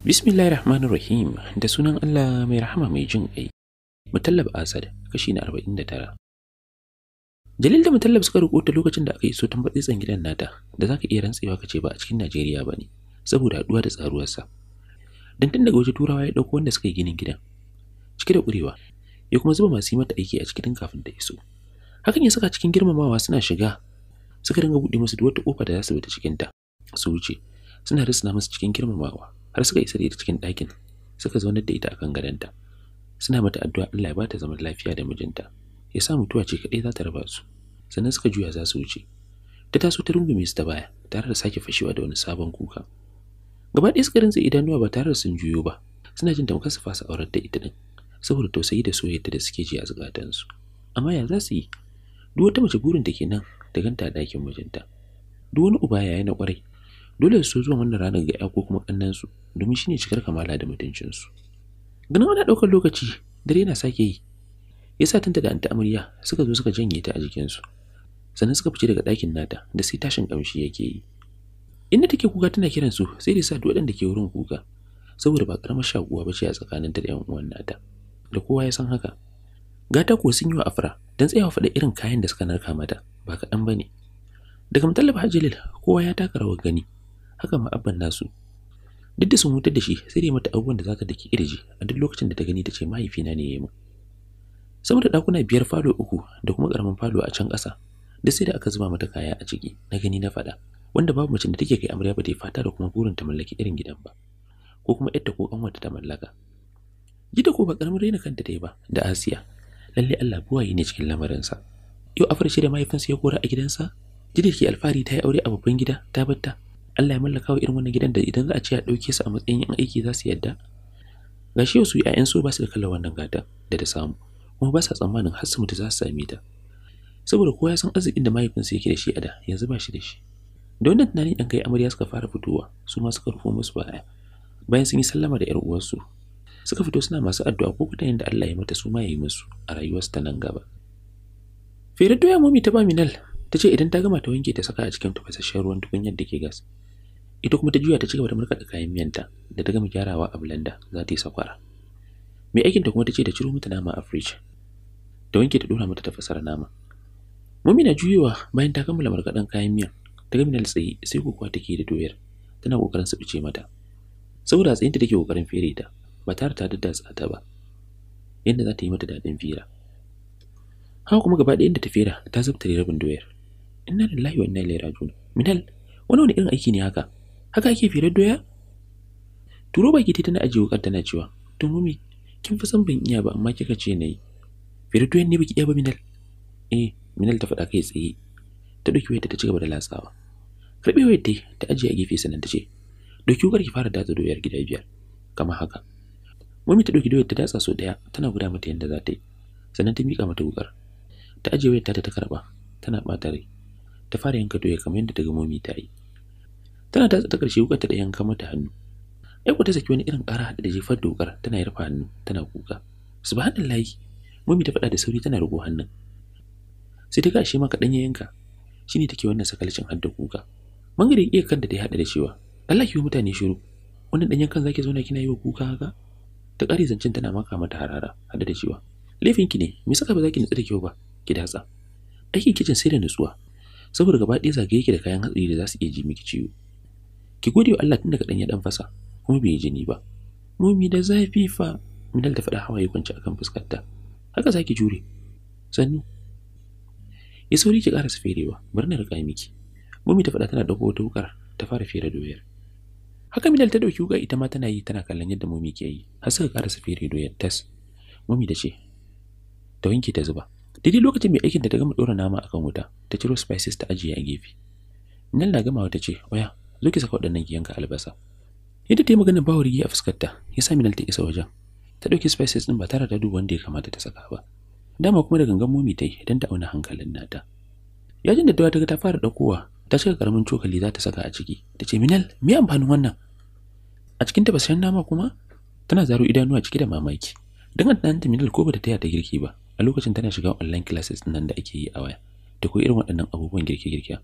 Bismillahir Rahmanir Rahim da sunan Allah mai rahama mai jin ƙai. Mutallab Asad kashi na 49. Jalil da Mutallab suka rubuta lokacin da aka iso tambar tsan gidan nata da zaka iya rantsewa kace ba a cikin Najeriya ba ne, saboda haduwa da tsaruwarsa. Dan tun daga waje Turawa ya dauko wanda suka yi ginin gidan. Cike da ƙurewa ya kuma zuba masu yi mata aiki a cikin kafin ta iso. hakan ya saka cikin girmamawa suna shiga suka dinga buɗe masu duk wata ƙofa da za su bi cikin ta su wuce suna risna masu cikin girmamawa har suka isa da ita cikin ɗakin suka zaunar da ita akan gadonta suna mata addu'a Allah ya bata zaman lafiya da mijinta ya sa mutuwa ce kaɗai za ta raba su sannan suka juya za su wuce ta taso ta rungume su ta baya tare da sake fashewa da wani sabon kuka gaba ɗaya suka rinsa idanuwa ba tare da sun juyo ba suna jin tamkar su fasa aurar da ita din saboda tausayi da soyayya da suke ji a zukatansu amma ya za su yi duk wata mace burin take nan ta ganta a ɗakin mijinta duk wani uba yaya na kwarai, dole su zuwa wannan ranar ga ya ko kuma su domin shine cikar kamala da mutuncin su ganin ana ɗaukar lokaci dare na sake yi yasa sa tanta da anta amarya suka zo suka janye ta a jikin su sannan suka fice daga ɗakin nata da sai tashin kamshi yake yi inda take kuka tana kiran su sai da sa duk da ke wurin kuka saboda ba karamar shakuwa ba ce a tsakaninta da 'yan uwan nata da kowa ya san haka Gata ko sun yi wa Afra don tsayawa faɗa irin kayan da suka narka mata ba kaɗan ba ne. Daga mutallafa Hajjalil kowa ya taka rawar gani haka ma abban nasu. Duk da sun hutar da shi sai dai mata abubuwan da za ta daki irji a duk lokacin da ta gani ta ce mahaifina ne ya yi min. Sama da ɗakuna biyar falo uku da kuma ƙaramin falo a can ƙasa duk sai da aka zuba mata kaya a ciki na gani na faɗa wanda babu macen da take kai amarya ba ta yi fata da kuma burin ta mallaki irin gidan ba ko kuma yadda ko ƙanwarta ta mallaka. Gida ko ba ƙaramin raina kanta ta ba da Asiya lalle Allah buwaye ne cikin lamarinsa yau a shi da mahaifinsa ya kora a gidansa jidda ke alfahari ta yi aure a babban gida ta batta Allah ya mallaka wa irin wannan gidan da idan za a ce a ɗauke su a matsayin yan aiki za su yadda gashi wasu su ƴaƴan su ba su da kallon wannan gata da ta samu kuma ba sa tsammanin har su mutu za su same ta saboda kowa ya san arzikin da mahaifinsa yake da shi a da yanzu ba shi da shi da wannan tunanin ɗan kai amarya suka fara fitowa su ma suka rufo musu baya bayan sun yi sallama da 'yar uwarsu suka fito suna masu addu'a ko kudayen da Allah ya mata su ma ya yi musu a rayuwarsu ta nan gaba. Fere doya momi ta ba Minal ta ce idan ta gama ta wanke ta saka a cikin tafasasshen ruwan tukunyar da ke gas. Ita kuma ta juya ta cigaba da da kayan miyanta da ta gama gyarawa a Bulanda za ta yi sakwara. Mai aikin ta kuma ta ce ta ciro mata nama a fridge. Ta wanke ta dora mata tafasar nama. Momi na juyowa bayan ta kammala markaɗen kayan miyan ta gama Minal tsaye sai kokowa take da doyar tana kokarin su fice mata. Saboda tsayinta take kokarin fere ta ba ta da ta ba yadda za ta yi mata daɗin fira haka kuma gaba ɗayan da ta fira ta zubta zabtare rabin doyar inna lillahi wa inna ilaihi raji'un minal wani wani irin aiki ne haka haka ake firar doya turo baki ta tana ajiye wukar tana cewa to mummy kin fi san ban iya ba amma kika ce yi. firar doyan ne baki iya ba minal eh minal ta faɗa kai tsaye ta ɗauki wayarta ta ci gaba da latsawa rabe wayar ta ajiye a gefe sannan ta ce ɗauki wukar ki fara datsa doyar gida biyar kamar haka Mummy ta ɗauki doyar ta datsa so ɗaya tana guda mata yanda za ta yi. Sannan ta miƙa mata wukar. Ta aje wayar ta ta karɓa tana ɓata rai. Ta fara yanka doya kamar yadda ta ga Mummy ta yi. Tana datsa ta karshe wukar ta da yanka mata hannu. Aiko ta saki wani irin kara haɗa da jefar da wukar tana yarfa hannu tana kuka. Subhanallahi. Mummy ta faɗa da sauri tana rugo hannun. Sai ta gashi maka danya yanka. Shine take wannan sakalcin hadda da kuka. Mangare iya kanta da ya hada da cewa Allah ki mutane shiru. Wannan ɗanyen kan zaki zauna kina yi wa kuka haka? ta ƙare zancen tana maka mata harara hada da cewa laifin ki ne me saka ba za ki nutsu da kyau ba ki datsa aikin kicin sai da nutsuwa saboda gaba ɗaya zagaye yake da kayan hatsari da za su iya ji miki ciwo ki gode wa Allah tun daga ɗan ya ɗan fasa kuma bai jini ba mumi da zafi fa minal ta faɗa hawaye kwance akan fuskarta haka zaki jure sannu ya sauri ki ƙara ferewa bari na riƙa miki mumi ta faɗa tana ɗauko wata wukar ta fara fere doyar haka Bilal ta dauki wuka ita ma tana yi tana kallon yadda mummy ke yi har suka karasa fere doyar tas mummy da ce ta wanke ta zuba daidai lokacin mai aikin da ta gama dora nama akan wuta ta ciro spices ta ajiye a gefe nan na gama wata ce waya zo ki saka waɗannan ki yanka albasa yadda ta yi maganin ba wuri a fuskarta ya sa Minal ta isa wajen ta ɗauki spices din ba tare da duba wanda ya kamata ta saka ba dama kuma da gangan mummy ta yi don ta auna hankalin nata yajin da dawa ta ga ta fara ɗaukowa ta shiga karamin cokali za ta saka a ciki ta ce minal me amfanin wannan a cikin tafasayen nama kuma tana zaro idanuwa cike da mamaki don a ɗan middle ko bata taya ta girki ba a lokacin tana shiga online classes nan da ake yi a waya ta koyi irin waɗannan abubuwan girke-girke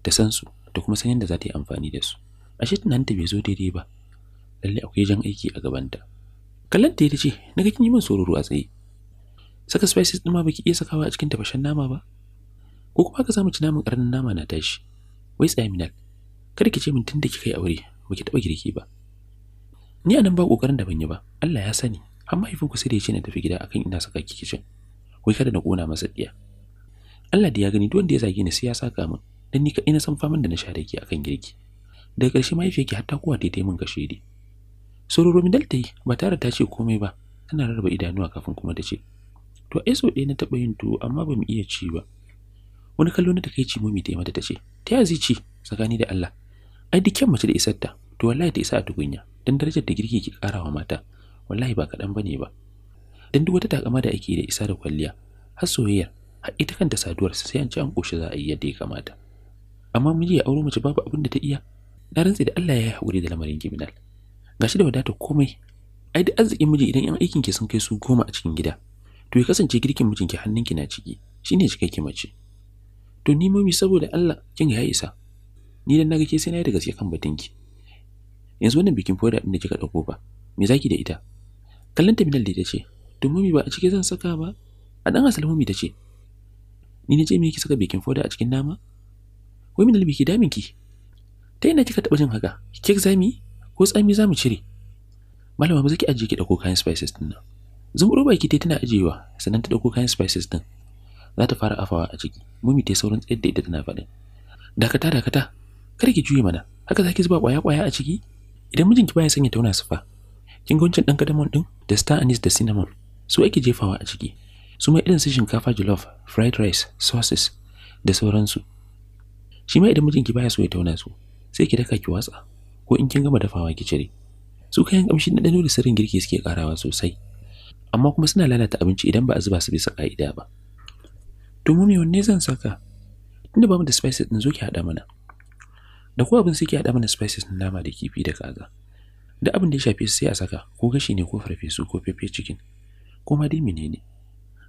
ta san su ta kuma san yadda za ta yi amfani da su ashe tunaninta bai zo daidai ba Lallai akwai jan aiki a gabanta kallon ta ce na ga kin yi min sororo a tsaye saka spices ɗin ma baki iya sakawa a cikin tafashen nama ba ko kuma ka samu ci naman ƙaramin nama na tashi wai tsaye minal kada ki ce min tun da kika yi aure baki taɓa girki ba ni anan ba kokarin da ban yi ba Allah ya sani har ku sai da ya ce na tafi gida akan ina saka ki kicin wai kada na kona masa diya Allah da ya gani duk wanda ya zage ni sai ya saka min dan ni ka na san faman da na sha da akan girki daga ƙarshe mahaifiyarki hatta kuwa kowa ta yi min kashedi sororo min dalta yi ba tare ta ce komai ba tana rarraba idanuwa kafin kuma ta ce to ai sau ɗaya na taɓa yin tuwo amma ba mu iya ci ba wani kallo na takaici mumi ta yi mata ta ce ta ya zai ci tsakani da Allah ai duk mace da isar ta to wallahi ta isa a tukunya dan darajar da girki ke karawa mata wallahi ba kaɗan bane ba dan duk wata takama da ake da isa da kwalliya har soyayyar har ita kanta saduwar sai an ci an koshi za a yi yadda ya kamata amma miji ya auro mace babu abin da ta iya na rantsi da Allah ya yi haƙuri da lamarin kiminal gashi da wadata komai ai da arzikin miji idan yan aikin ke sun kai su goma a cikin gida to ya kasance girkin mijin mijinki hannunki na ciki shine cikakke mace to ni mami saboda Allah kin ga ya isa ni dan naga ke sai na yi da gaske kan ki yanzu wannan bikin foda din da kika dauko ba me zaki da ita kallon terminal da ce to mummy ba a ciki zan saka ba a dan asal mummy ce. ni ne ce me yake saka bikin foda a cikin nama wai min biki damin ki ta ina kika taba jin haka kike zami ko tsami zamu cire malama ba zaki ajiye ki dauko kayan spices din nan zumuro ta tai tana ajiyewa sannan ta dauko kayan spices din za ta fara afawa a ciki mummy tai saurin tsayar da ita tana faɗin dakata dakata Kar ki juye mana haka zaki zuba kwaya kwaya a ciki idan mijin ki baya sanya tauna sifa kin ga wancan dan kadamon din da star anise da cinnamon su ake jefawa a ciki su mai irin su shinkafa jollof fried rice sauces da sauransu shi mai idan mijinki baya so ya tauna su sai ki daka ki watsa ko in kin gama dafawa ki cire su kayan kamshi na dano da sirrin girki suke karawa sosai amma kuma suna lalata abinci idan ba a zuba su bisa ka'ida ba to mu wanne zan saka tunda bamu da spices din zo ki hada mana da ko abin suke haɗa mana spices na nama da kifi da kaza da abin da ya shafe su sai a saka ko gashi ne ko farfesu ko fefe chicken ko ma dai menene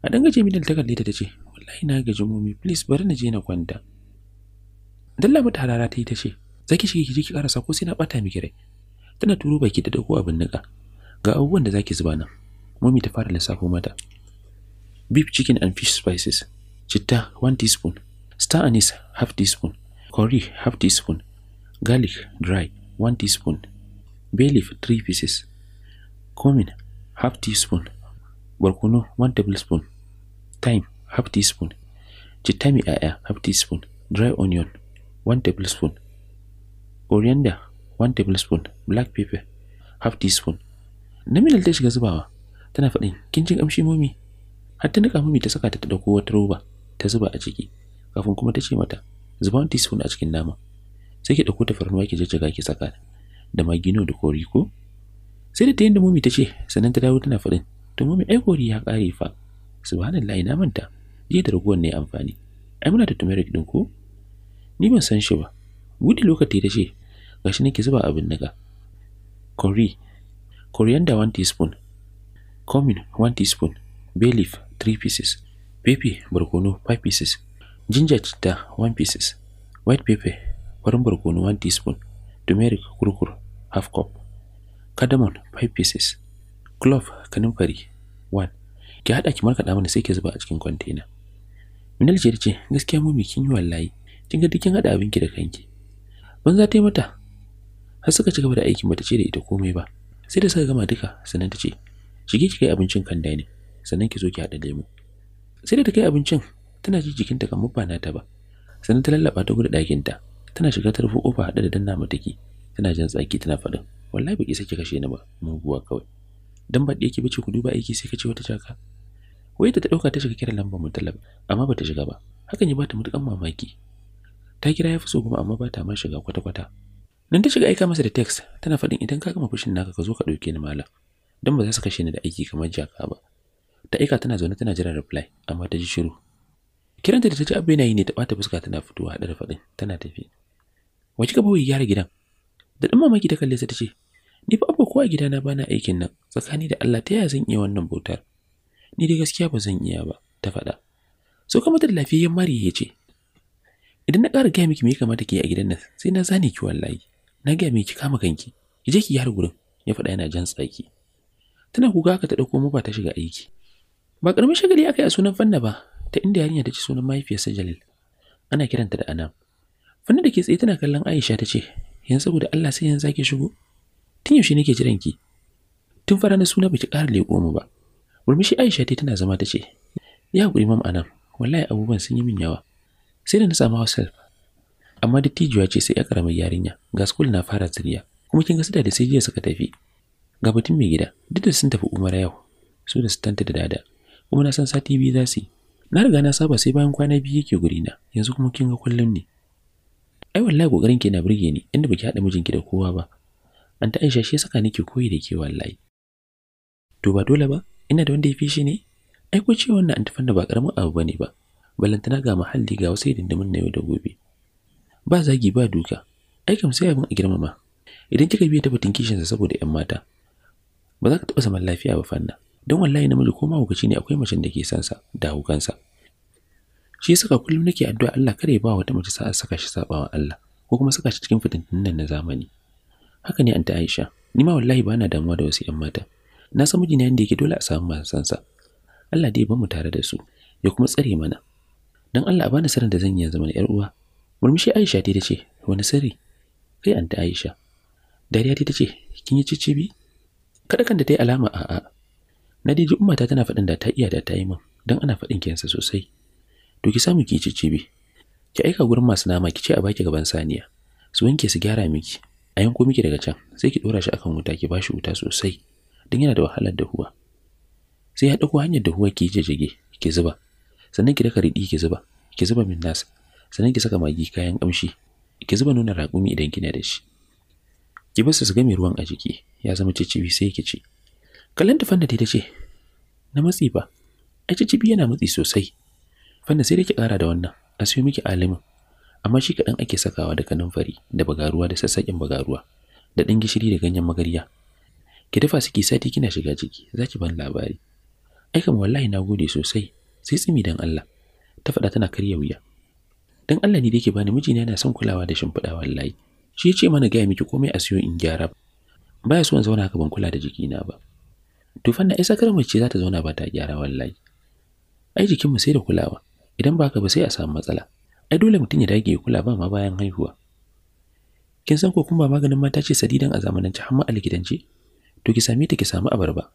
a dangaje minal ta kalle ta tace wallahi na gaji mummy please bari na je na kwanta dalla mata harara ta yi tace zaki shige ki je ki karasa ko sai na bata miki rai tana turo baki da dauko abin nika ga abubuwan da zaki zuba nan mummy ta fara lissafo mata beef chicken and fish spices citta 1 teaspoon star anise half teaspoon curry half teaspoon garlic dry 1 teaspoon bay leaf 3 pieces cumin half teaspoon barkono 1 tablespoon thyme half teaspoon citta aya 'ya'ya half teaspoon dry onion 1 tablespoon coriander 1 tablespoon black pepper half teaspoon namilal ta shiga zubawa tana faɗin kin jin kamshi momi har ta nika momi ta saka ta ta dauko wata roba ta zuba a ciki kafin kuma ta ce mata zuba 1 teaspoon a cikin nama. sai ki dauko tafarnuwa ki jajjaga ki saka da magino da kori ko sai da tayin da mumi ta ce sannan ta dawo tana faɗin to mummy ai kori ya ƙare fa subhanallahi na manta jiya da raguwar ne amfani ai muna da turmeric din, ko ni ban san shi ba wudi lokaci ta ce gashi nake zuba abin naga kori coriander 1 teaspoon cumin 1 teaspoon bay leaf 3 pieces pepper barkono 5 pieces ginger citta 1 pieces white pepper farin barkono 1 teaspoon, turmeric kurkur half cup, cardamom 5 pieces, clove fari 1. Ki haɗa ki markaɗa mana sai ki zuba a cikin container. Minal ce ce gaskiya mu kin yi wallahi kin ga dukin haɗa abinki da kanki. Ban za ta yi mata. Har suka ci gaba da aikin bata ce da ita komai ba. Sai da suka gama duka sannan ta ce shige ki kai abincin kan ne sannan ki zo ki haɗa lemu. Sai da ta kai abincin tana ji jikinta kamar ba ta ba. Sannan ta lallaba ta gudu ɗakinta. ta. tana shiga ta rufe kofa haɗe da danna mataki tana jan tsaki tana faɗin wallahi baki sake kashe ni ba muguwa kawai dan baɗi yake bace ku duba aiki sai ka ce wata jaka wai ta ɗauka ta shiga kiran lambar mutalab amma bata shiga ba hakan ya bata mutukan mamaki ta kira ya fi so kuma amma bata ma shiga kwata-kwata nan ta shiga aika masa da text tana faɗin idan ka gama fushin naka ka zo ka ɗauke ni malam dan ba za su kashe ni da aiki kamar jaka ba ta aika tana zaune tana jiran reply amma ta ji shiru kiranta da ta ci abu yana yi ne ta ɓata fuska tana fitowa haɗe da faɗin tana tafi waje kika wai gyara gidan? Da ɗan mamaki ta kalle sa ta ce, Ni fa abba kowa gidana bana aikin nan, tsakani da Allah ta yaya zan iya wannan bautar? Ni dai gaskiya ba zan iya ba, ta faɗa. So kuma mata da lafiyayyen mari ya ce, Idan na ƙara gaya miki me ya kamata ki yi a gidan nan, sai na zane ki wallahi. Na gaya miki kama kanki, ki je ki gyara gurin, ya faɗa yana jan tsaki. Tana kuka ka ta ɗauko mu ba ta shiga aiki. Ba ƙaramin shagali aka yi a sunan fanna ba, ta inda yarinya ta ci sunan mahaifiyarsa Jalil. Ana kiranta da Anam. Wannan da ke tsaye tana kallon Aisha ta ce, "Yanzu saboda Allah sai yanzu zaki shigo? Tun yaushe nake jiran ki?" Tun fara na suna baki ƙara leƙo mu ba. Murmushi Aisha ta tana zama ta ce, "Ya haƙuri mam anan, wallahi abubuwan sun yi min yawa." Sai da na samu hausa amma dattijuwa ce sai ya karamar yarinya ga school na fara tsiriya kuma kin ga su da sai jiya suka tafi ga batun mai gida duk da sun tafi umara yau su da su tanta da dada kuma na san sati biyu za su na riga na saba sai bayan kwana biyu yake guri na yanzu kuma kin ga kullum ne ai wallahi kokarin ki na burge ni inda baki hada mijinki da kowa ba an ta Aisha shi saka nake koyi da ke wallahi to ba dole ba ina da wanda ya fi shi ne ai ku ce wannan antifan da ba karamin abu bane ba balantana ga mahalli ga wasu dindimin na yau da gobe ba zagi ba duka ai kam sai abin a girmama idan kika biya ta batun kishinsa saboda yan mata ba za ka taɓa zaman lafiya ba fanna don wallahi namiji ko mahaukaci ne akwai macen da ke sansa da hukansa shi saka kullum nake addu'a Allah kare ba wata mace sa'a saka shi sabawa Allah ko kuma saka shi cikin fitintun nan na zamani haka ne anta Aisha ni ma wallahi bana damuwa da wasu 'yan mata na san mijina yanda yake dole a samu masu sansa Allah dai ba mu tare da su ya kuma tsare mana dan Allah a bani sirrin da zan yi yanzu mana yar uwa murmushi Aisha ta ce wani sirri kai anta Aisha dariya ta tace kin yi cicibi kada kan da ta yi alama a'a ji ummata tana faɗin da ta iya da ta yi min dan ana faɗin kiyansa sosai to ki samu ki ciccibe ki aika gurin masu nama ki ce a baki gaban saniya su wanke su gyara miki a yanko miki daga can sai ki dora shi akan wuta ki bashi wuta sosai don yana da wahalar dahuwa sai ya dauko hanyar dahuwa ki jajjage ki zuba sannan ki daka riɗi ki zuba ki zuba min nasa, sannan ki saka magi kayan kamshi ki zuba nuna raƙumi idan kina da shi ki bar su su game ruwan a jiki ya zama cicibi sai ki ci kallon tufan da ta ce na matsi ba a ciccibi yana matsi sosai Fanna sai dai ki ƙara da wannan, a siyo miki alimin. Amma shi kaɗan ake sakawa da fari da bagaruwa da sassaƙin bagaruwa da ɗan gishiri da ganyen magarya. Ki dafa siki sati kina shiga ciki, za ki ban labari. Ai kam wallahi na gode sosai, sai tsimi dan Allah. Ta faɗa tana karya wuya. Dan Allah ne da yake bani mijina yana son kulawa da shimfiɗa wallahi. Shi ya ce mana gaya miki komai a siyo in gyara. Baya so in zauna haka ban kula da jikina ba. Tufan na ai sakar mace za ta zauna ba ta gyara wallahi. Ai jikinmu sai da kulawa. idan ba haka ba sai a samu matsala ai dole mutum ya dage ya kula ba ma bayan haihuwa kin san ko kuma maganin mata ce sadidan a zamanance har ma a to ki same ta ki samu abarba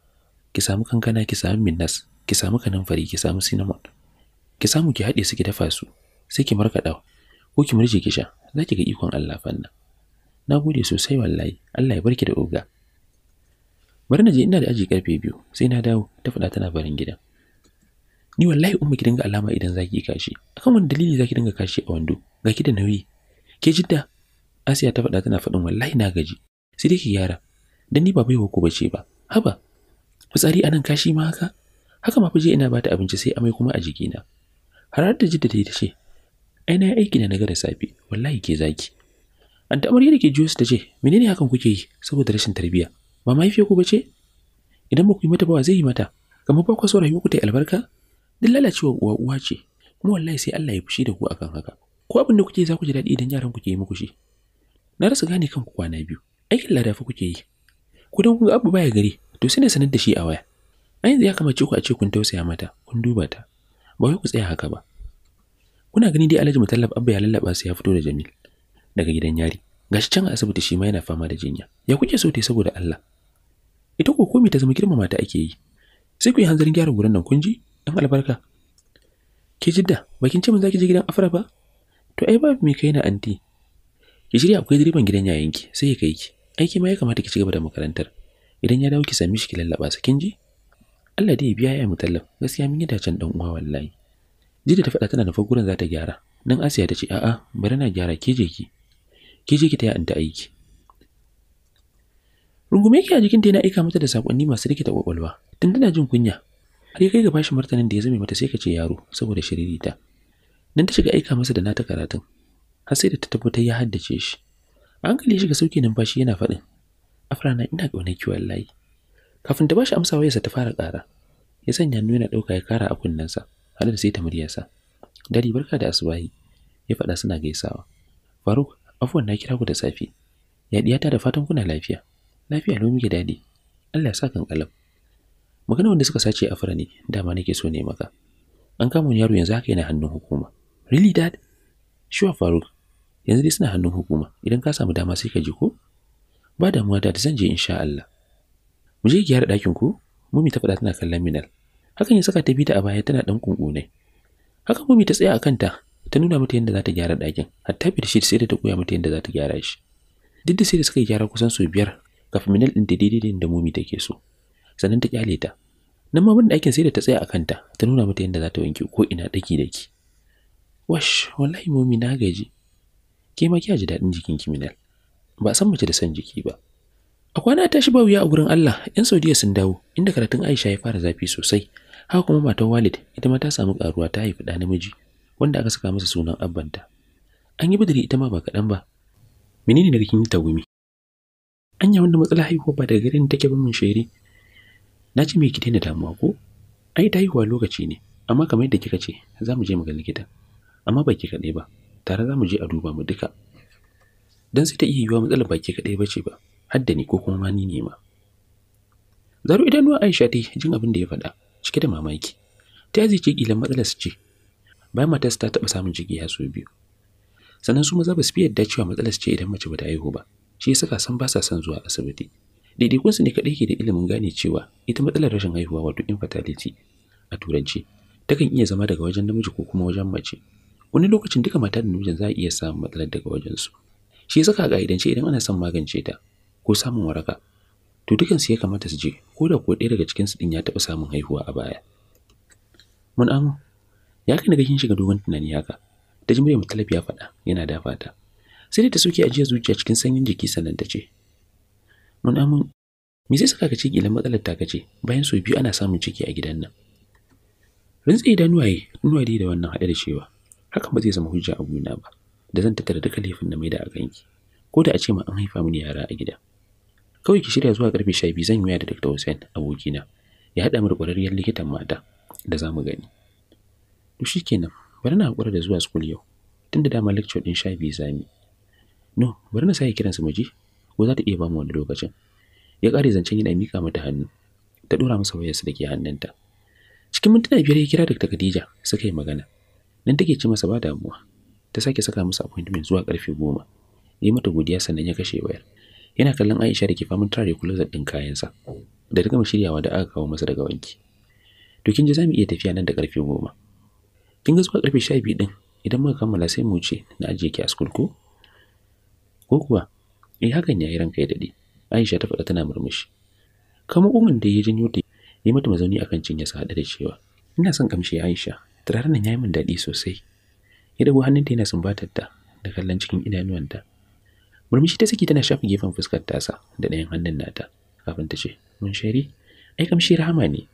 ki samu kankana ki samu minnas ki samu fari ki samu cinnamon ki samu ki haɗe su ki dafa su sai ki markaɗa ko ki murje ki sha za ki ga ikon Allah fanna na gode sosai wallahi Allah ya barki da oga bari na je ina da aji karfe biyu sai na dawo ta faɗa tana barin gidan ni wallahi umma ki dinga alama idan zaki kashi akan wani dalili zaki dinga kashi a wando ga ki da nauyi ke jidda asiya ta faɗa tana faɗin wallahi na gaji sai dai ki gyara dan ni ba wa ko bace ba haba fitsari anan kashi ma haka haka ma fije ina bata abinci sai amai kuma a jiki na. har da jidda ta yi ce ai na aiki na naga da safe wallahi ke zaki an ta amarya da ke jiyo ta ce menene hakan kuke yi saboda rashin tarbiyya ba mahaifiya ku bace idan ba ku yi mata ba zai yi mata kamar ba ku so rayuwar ku ta albarka duk lalacewa uwa uwa ce kuma wallahi sai Allah ya fushi da ku akan haka ko abin da kuke za ku ji daɗi idan yaran ku ke yi muku shi na rasa gane kanku kwana biyu aikin ladafa kuke yi ku dan kun abu baya gari to sai ne sanar da shi a waya a yanzu ya kamace ku a ce kun tausaya mata kun duba ta ba wai ku tsaya haka ba kuna gani dai Alhaji Mutallab Abba ya lallaba sai ya fito da Jamil daga gidan yari gashi can a asibiti shi ma yana fama da jinya ya kuke so tai saboda Allah ita ko komai ta zama girmama ta ake yi sai ku yi hanzarin gyara gurin nan kun ji ɗan albarka ke jidda bakin ce mun zaki je gidan afra ba to ai babu me kai na anti ki shirya akwai direban gidan yayanki sai ya kai ki aiki ma ya kamata ki cigaba da makarantar idan ya dawo ki sami shi ki lallaba sa kin ji Allah dai ya biya ya tallaf, gaskiya mun yi dacen dan uwa wallahi jidda ta faɗa tana da gurin za ta gyara nan Asiya ta ce a'a bari na gyara ke je ki ke je ki ya anta aiki rungume ki a jikin ta yana aika mata da saƙonni masu rikita kwakwalwa tun tana jin kunya har kai ga bashi martanin da ya zame mata sai ka ce yaro saboda shiririta nan ta shiga aika masa da nata karatun har sai da ta tabbata ya haddace shi a hankali ya shiga sauke numfashi yana faɗin afrana ina wani kiwon layi. kafin ta bashi amsa wayarsa ta fara ƙara ya sanya hannu yana ɗauka ya kara a kunnensa har da sai ta muryarsa dadi barka da asubahi ya faɗa suna gaisawa faruk afuwan na kira ku da safe Yaɗiya ta da fatan kuna lafiya lafiya lomi ke dadi Allah ya sa kan kalam magana wanda suka sace a fara dama nake so ne maka an kama wani yaro yanzu haka yana hannun hukuma really dad sure faruk yanzu dai suna hannun hukuma idan ka samu dama sai ka ji ko ba damuwa dad zan je insha Allah mu je gyara ɗakin ku mumi ta faɗa tana kallon minal hakan ya saka ta bi ta a baya tana ɗan kunkune haka mumi ta tsaya a kanta ta nuna mata yadda za ta gyara ɗakin hatta shi sai da ta koya mata yadda za ta gyara shi duk da sai da suka yi gyara kusan sau biyar kafin minal ɗin ta daidai da mummy take so sannan ta kyale ta nan ma ban aikin sai da ta tsaya a kanta ta nuna mata yadda za ta wanke ko ina daki daki wash wallahi mummy na gaji ke ma kiya ji daɗin jikin kiminal ba san mace da san jiki ba a kwana ta shi ba wuya a gurin Allah yan Saudiya sun dawo inda karatun Aisha ya fara zafi sosai haka kuma matar Walid ita ma ta samu karuwa ta haifi da namiji wanda aka saka masa sunan abbanta an yi bidiri ita ma ba kaɗan ba menene ne rikin ta gumi anya wanda matsalar haihuwa ba daga garin take ba mun shiri na ce me ki daina damuwa ko ai ta haihuwa lokaci ne amma kamar yadda kika ce za mu je mu ga likita amma ba ki kaɗai ba tare za mu je a duba mu duka dan sai ta iya yiwa matsalar baki kaɗai ce ba har da ni ko kuma ma ni ne ma zaro idanuwa aisha ta jin abin da ya faɗa cike da mamaki ta yi ce kilan matsalar su ce bayan matarsa ta taɓa samun jiki ya so biyu sannan su maza ba su fi yadda cewa matsalar ce idan mace ba ta haihu ba shi ya saka san ba sa son zuwa asibiti daidaikunsu ne kaɗai ke da ilimin gane cewa ita matsalar rashin haihuwa wato infertility a turanci takan iya zama daga wajen namiji ko kuma wajen mace wani lokacin duka mata da namijin za a iya samun matsalar daga wajensu shi ya saka a ƙa'idance idan ana son magance ta ko samun waraka to dukansu ya kamata su je ko da ko ɗaya daga su ɗin ya taɓa samun haihuwa a baya mun amu ya kai daga kin shiga dogon tunani haka ta ji muryar ya faɗa yana dafa ta sai da ta soke ajiyar zuciya cikin sanyin jiki sannan ta ce Nuna mun me zai saka ka ce matsalar ta kace bayan sau biyu ana samun ciki a gidan nan. Rintsi idanuwaye dai da wannan haɗe da cewa hakan ba zai zama hujja a guna ba da zan tattara duka laifin da mai da a kanki ko da a ce ma an haifa mini yara a gida. Kawai ki shirya zuwa karfe sha biyu zan yi waya da Dr. Hussein abokina ya haɗa mu da ƙwararriyar likitan mata da za mu gani. To shi kenan bari na haƙura da zuwa school yau tunda dama lecture ɗin sha biyu za mu No, bari na sake kiransa mu ji ko za ta iya ba mu wani lokacin ya kare zancen yana miƙa mata hannu ta ɗora masa wayarsa da ke hannunta cikin mintuna biyar ya kira Dr. Khadija suka yi magana nan take ce masa ba damuwa ta sake saka masa appointment zuwa karfe goma ya mata godiya sannan ya kashe wayar yana kallon Aisha da ke famin tare kulozar ɗin kayansa da ta gama shiryawa da aka kawo masa daga wanki to kin ji za mu iya tafiya nan da karfe goma kin ga zuwa karfe sha biyu idan muka kammala sai mu wuce na ajiye ki a school ko ko kuwa eh hakan yayi ranka ya dade Aisha ta faɗa tana murmushi kamar umun da ya janyo ta yi mata mazauni akan cinya sa hada da cewa ina son kamshi Aisha turaren nan yayi min dadi sosai ya dago hannunta yana sumbatar ta da kallon cikin idanuwanta murmushi ta saki tana shafa gefen fuskar tasa da ɗayan hannun nata kafin ta ce mun shari ai kamshi rahama ne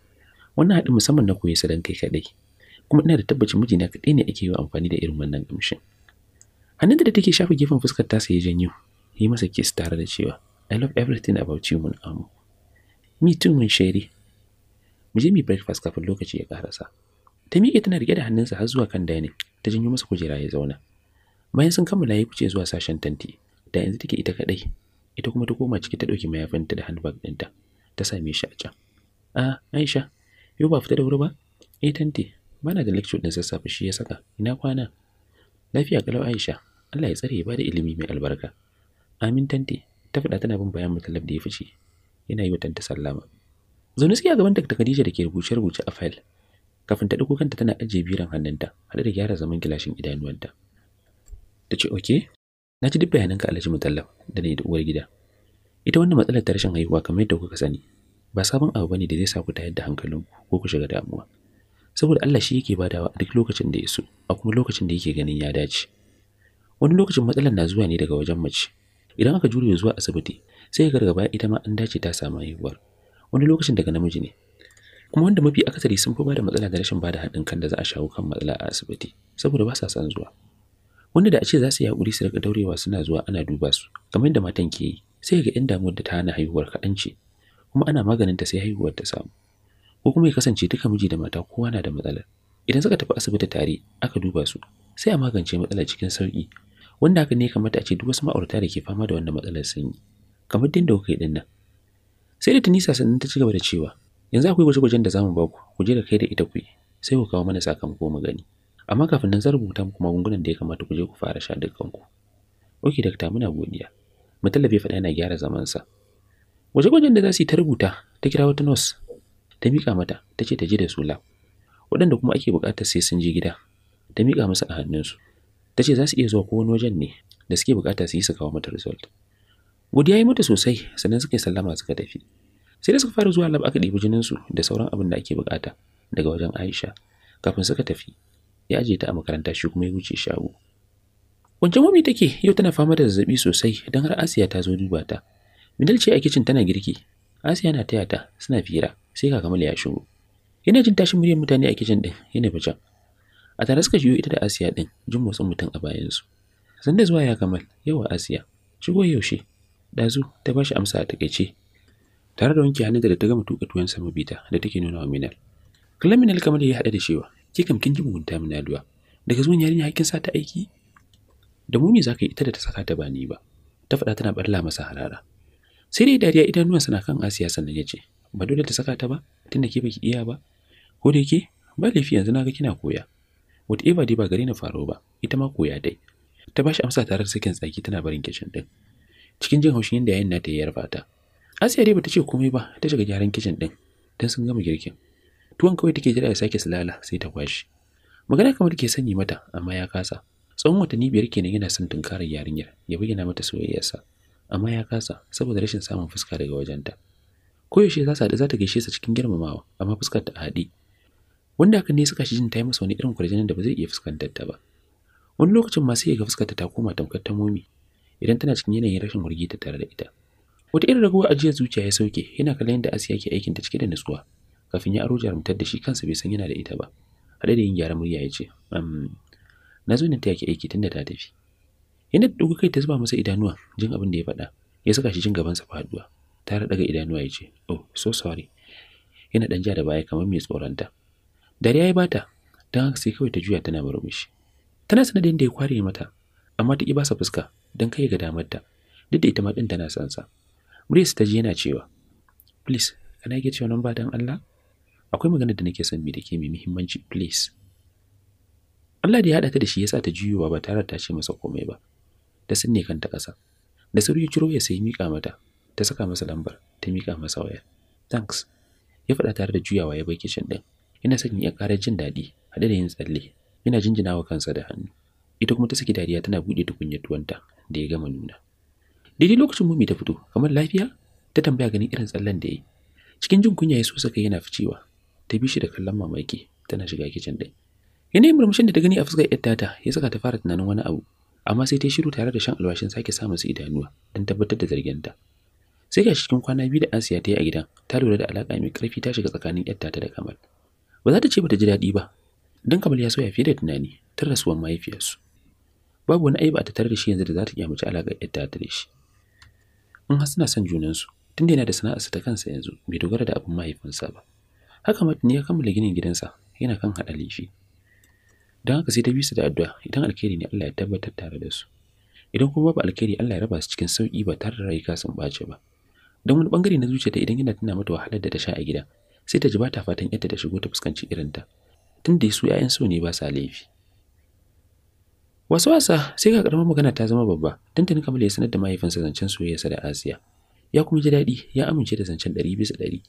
wannan haɗin musamman na koyi sadan kai kadai. kuma ina da tabbacin mijina kaɗai ne ake yi amfani da irin wannan kamshin hannunta da take shafa gefen fuskar tasa ya janyo yi masa kiss tare da cewa I love everything about you mun amu. Me too mun sheri. Mu je mu breakfast kafin lokaci ya karasa. Ta miƙe tana rike da hannunsa har zuwa kan dining, ta janyo masa kujera ya zauna. Bayan sun kammala ya kuce zuwa sashen tanti, da yanzu take ita kaɗai. Ita kuma ta koma ciki ta ɗauki mayafinta da handbag ɗinta, ta same shi a can. A, Aisha, yau ba fita da wuri ba? Eh tanti, bana da lecture ɗin sassafe shi ya saka. Ina kwana? Lafiya kalau Aisha, Allah ya tsare ya bada ilimi mai albarka. Amin tante ta faɗa tana bin bayan Mutallab da ya fice. Yana yi wa tanta sallama. Zaune suke a gaban da Khadija da ke rubuce-rubuce a fayil. Kafin ta ɗauko kanta tana ajiye biran hannunta, haɗe da gyara zaman gilashin idanuwanta. Ta ce, "Oke, na ji duk bayananka Alhaji Mutallab da ne da uwar gida." Ita wannan matsalar ta rashin haihuwa kamar yadda kuka sani, ba sabon abu bane da zai sa ku tayar da hankalinku ko ku shiga damuwa. Saboda Allah shi yake badawa a duk lokacin da ya so, a kuma lokacin da yake ganin ya dace. Wani lokacin matsalar na zuwa ne daga wajen mace, idan aka jure zuwa asibiti sai ga gaba ita ma an dace ta samu haihuwar wani lokacin daga namiji ne kuma wanda mafi akasari sun fi bada matsala da rashin bada haɗin kan da za a shawo kan matsala a asibiti saboda ba sa son zuwa wanda da a ce za su yi hakuri su rika daurewa suna zuwa ana duba su kamar yadda matan ke yi sai ga 'yan damuwar da ta hana haihuwar kaɗan ce kuma ana maganin ta sai haihuwar ta samu ko kuma ya kasance duka miji da mata kowa na da matsalar idan suka tafi asibiti tare aka duba su sai a magance matsalar cikin sauƙi wanda haka ne kamata a ce duk wasu ma'aurata da ke fama da wannan matsalar sanyi, kamar dinda kuka yi din nan sai da tunisa sannan ta ci gaba da cewa yanzu akwai gwaje-gwajen da zamu baku ku je da kai da ita ku yi sai ku kawo mana sakamako mu gani amma kafin nan zan rubuta muku magungunan da ya kamata ku je ku fara sha ku oke dakta muna godiya mutallabe faɗa yana gyara zamansa gwaje-gwajen da za su yi ta rubuta ta kira wata nurse ta miƙa mata ta ce ta je da su lab waɗanda kuma ake buƙatar sai sun je gida ta miƙa musu a hannunsu ta ce za su iya zuwa ko wani wajen ne da suke bukata su yi su kawo mata result godiya yi mata sosai sannan suka yi sallama suka tafi sai da suka fara zuwa lab aka ɗebi su da sauran abin da ake bukata daga wajen aisha kafin suka tafi ya aje ta a makaranta shi kuma ya wuce shago wancan mami take yau tana fama da zazzabi sosai don har asiya ta zo duba ta minal ce a kicin tana girki asiya na taya ta suna fira sai kakamal ya shigo yana jin tashin muryar mutane a kicin din yana bacan a tare suka shigo ita da asiya ɗin jin motsin mutum a bayansu sun da zuwa ya kamal yawa asiya shigo yaushe ɗazu ta ba shi amsa a takaice tare da wanke hannun da ta gama tuƙa tuwon sama bita da take nuna wa minal Kullum minal kamar ya haɗa da cewa ke kam kin ji ta min duwa, daga zuwan yarinya hakkin sa ta aiki da muni zaka yi ita da ta saka ta ba ni ba ta faɗa tana barla masa harara sai dai dariya idanuwansa na kan asiya sannan ya ce ba dole ta saka ta ba tunda ke baki iya ba ko da yake ba laifi yanzu na ga kina koya whatever dai ba gare ni faro ba ita ma koya dai ta bashi amsa tare da sakin tsaki tana barin kitchen din cikin jin haushin yadda yayin nata ya yarfa ta Asiya dai bata ce komai ba ta shiga gyaran kitchen din dan sun gama girkin tuwon kawai take jira ya sake sulala sai ta kwashi magana kamar ke sanyi mata amma ya kasa tsawon watanni biyar kenan yana son tunkarar yarinyar ya bayyana mata soyayyarsa amma ya kasa saboda rashin samun fuska daga wajenta koyaushe za su haɗu za ta gaishe sa cikin girmamawa amma fuskar ta haɗi wanda hakan ne suka shi jin ta yi masa wani irin kwarjanin da ba zai iya fuskantar ta ba wani lokacin ma sai ya ga fuskarta ta koma tamkar ta momi idan tana cikin yanayin rashin ta tare da ita wata irin raguwar ajiyar zuciya ya sauke yana kallon yadda asiya ke aikin ta cike da nutsuwa kafin ya aro jarumtar da shi kansa bai san yana da ita ba haɗe da yin gyaran murya ya ce na zo ne ta yake aiki da ta tafi yana da ɗauka kai ta zuba masa idanuwa jin abin da ya faɗa ya saka shi jin sa faɗuwa ta daga idanuwa ya ce oh so sorry yana ɗan ja da baya kamar mai tsoronta Dariya ya bata, don haka sai kawai ta juya tana murmushi. Tana sanadin da ya kware mata, amma ta ki ba sa fuska don kai ga damar ta Duk da ita ma din tana sansa. sa. ta ji yana cewa, "Please, kana ga cewa nan ba dan Allah? Akwai magana da nake son mi da ke mai muhimmanci, please." Allah da ya hada ta da shi yasa ta juyowa ba tare ta ce masa komai ba. Ta ne kanta kasa. Da sauri ya ciro ya sai mika mata, ta saka masa lambar, ta mika masa waya. Thanks. Ya faɗa tare da juyawa ya bai kicin ɗin. yana sakin ya ƙara jin daɗi haɗe da yin tsalle yana jinjina wa kansa da hannu ita kuma ta saki dariya tana buɗe tukunyar da ya gama nuna daidai lokacin mummy ta fito kamar lafiya ta tambaya ganin irin tsallen da ya yi cikin jin kunya ya so saka yana ficewa ta bi shi da kallon mamaki tana shiga kicin ɗin yanayin murmushin da ta gani a fuskar yar tata ya saka ta fara tunanin wani abu amma sai ta shiru tare da shan alwashin sake samun su idanuwa don tabbatar da zarginta sai ga cikin kwana biyu da Asiya ta yi a gidan ta lura da alaka mai karfi ta shiga tsakanin yar tata da Kamal ba za ta ce bata ji daɗi ba don kamal ya soya fiye da tunani ta rasuwar mahaifiyarsu babu wani aiba a tattare da shi yanzu da za ta kyamaci alaƙar yadda ta da shi in har suna son junansu tun da yana da sana'arsa ta kansa yanzu bai dogara da abin mahaifinsa ba haka ne ya kammala ginin gidansa yana kan haɗa lifi don haka sai ta bi su da addu'a idan alkhairi ne Allah ya tabbatar tare da su idan kuma babu alkhairi Allah ya raba su cikin sauƙi ba tare da rayuka sun bace ba don wani bangare na zuciyarta idan yana tana mata wahalar da ta sha a gida sai ta ji ba ta fatan yadda ta shigo ta fuskanci irinta tunda su 'ya'yan so ne ba sa laifi wasu wasa sai ga karamar magana ta zama babba don ta kamar ya sanar da mahaifinsa zancen soyayyarsa da Asiya ya kuma ji daɗi ya amince da zancen ɗari bisa ɗari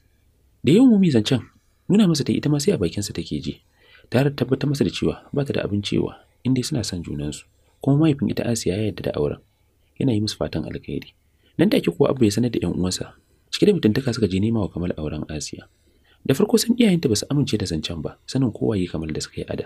da yawan mumi zancen nuna masa ta ita ma sai a bakinsa take ji tare da tabbatar masa da cewa ba ta da abin cewa in dai suna son junansu kuma mahaifin ita Asiya ya yarda da auren yana yi musu fatan alkhairi nan take kuwa Abba ya sanar da 'yan uwansa cike da mutuntaka suka je nema wa kamar auren Asiya Da farko san iyayenta ba su amince da zancen ba, sanin kowa yi kamar da suka yi ada.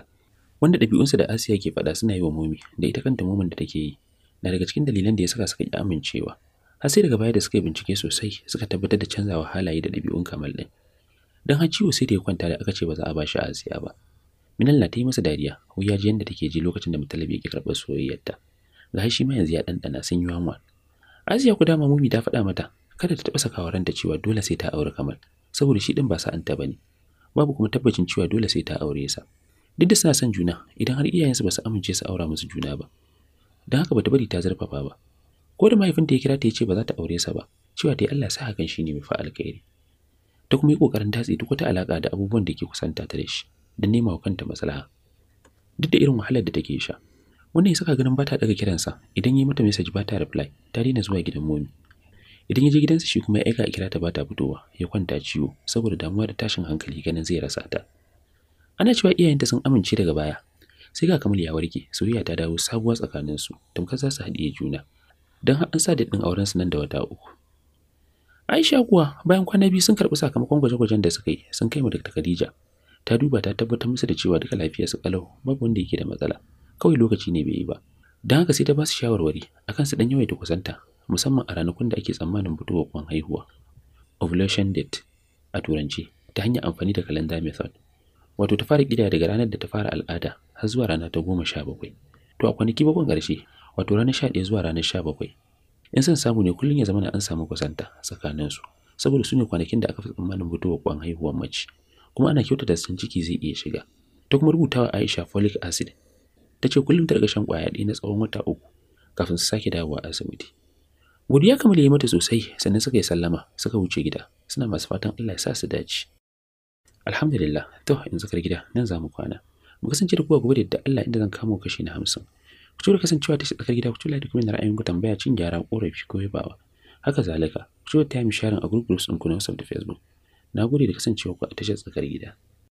Wanda ɗabi'unsa da Asiya ke faɗa suna yi wa Momi da ita kanta Momin da take yi, na daga cikin dalilan da ya saka suka ƙi amincewa. Har sai daga baya da suka yi bincike sosai suka tabbatar da canzawa halaye da ɗabi'un kamar ɗin. Don har ciwo sai da ya kwanta da aka ce ba za a ba shi Asiya ba. Minal na ta yi masa dariya, wuya ji yadda take ji lokacin da Mutalabi ya karɓar soyayyarta. Ga shi ma yanzu ya ɗanɗana sun yi Asiya ku dama Momi ta faɗa mata kada ta taɓa sakawa ranta cewa dole sai ta aure Kamal. saboda shi din ba sa'anta bane babu kuma tabbacin cewa dole sai ta aure sa duk da suna son juna idan har iyayensu ba su amince su aura musu juna ba don haka bata bari ta zarfafa ba ko da mahaifinta ya kira ta ya ce ba za ta aure sa ba cewa ta yi Allah sa hakan shine mai fa alkhairi ta kuma yi kokarin datse duk wata alaka da abubuwan da ke kusanta ta da shi da nema wa kanta maslaha duk da irin wahalar da take sha wannan ya saka ganin bata daga kiransa idan yi mata message bata reply ta daina zuwa gidan momi idan ya je gidansa shi kuma ya aika kira ta bata fitowa ya kwanta ciwo saboda damuwa da tashin hankali ganin zai rasa ta ana cewa iyayenta sun amince daga baya sai ga kamal ya warke soyayya ta dawo sabuwa tsakanin su tamkar za su haɗiye juna dan har an sa daɗin auren su nan da wata uku Aisha kuwa bayan kwana biyu sun karɓi sakamakon gwaje-gwajen da suka yi sun kai mu da Khadija ta duba ta tabbatar musu da cewa duka lafiyar su kalau babu wanda yake da matsala kawai lokaci ne bai yi ba don haka sai ta ba su shawarwari akan su dan yawaita kusanta musamman a ranakun da ake tsammanin fitowar kwan haihuwa ovulation date a Turanci, ta hanyar amfani da calendar method wato ta fara kidaya daga ranar da ta fara al'ada har zuwa rana ta goma sha bakwai to a kwanaki bakwai ƙarshe wato ranar sha ɗaya zuwa ranar sha bakwai in san samu ne kullum ya zama an samu kusanta su saboda su ne kwanakin da aka fi tsammanin fitowar kwan haihuwar mace kuma ana kyautata san ciki zai iya shiga ta kuma rubutawa Aisha folic acid ta ce kullum ta riga shan kwaya ɗaya na tsawon wata uku kafin su sake dawowa asibiti Godiya kamar ya mata sosai sannan suka yi sallama suka wuce gida suna masu fatan Allah ya sa su dace. Alhamdulillah to in kar gida nan za mu kwana. Mu kasance da kowa gobe da Allah inda zan kamo kashi na hamsin. Ku tura kasancewa ta tsakar gida ku tura da kuma ra'ayin ku tambaya cin gyara korafi ko yabawa. Haka zalika ku tura ta mi sharing a group groups ɗinku na WhatsApp da Facebook. Na gode da kasancewa ku a tashar tsakar gida.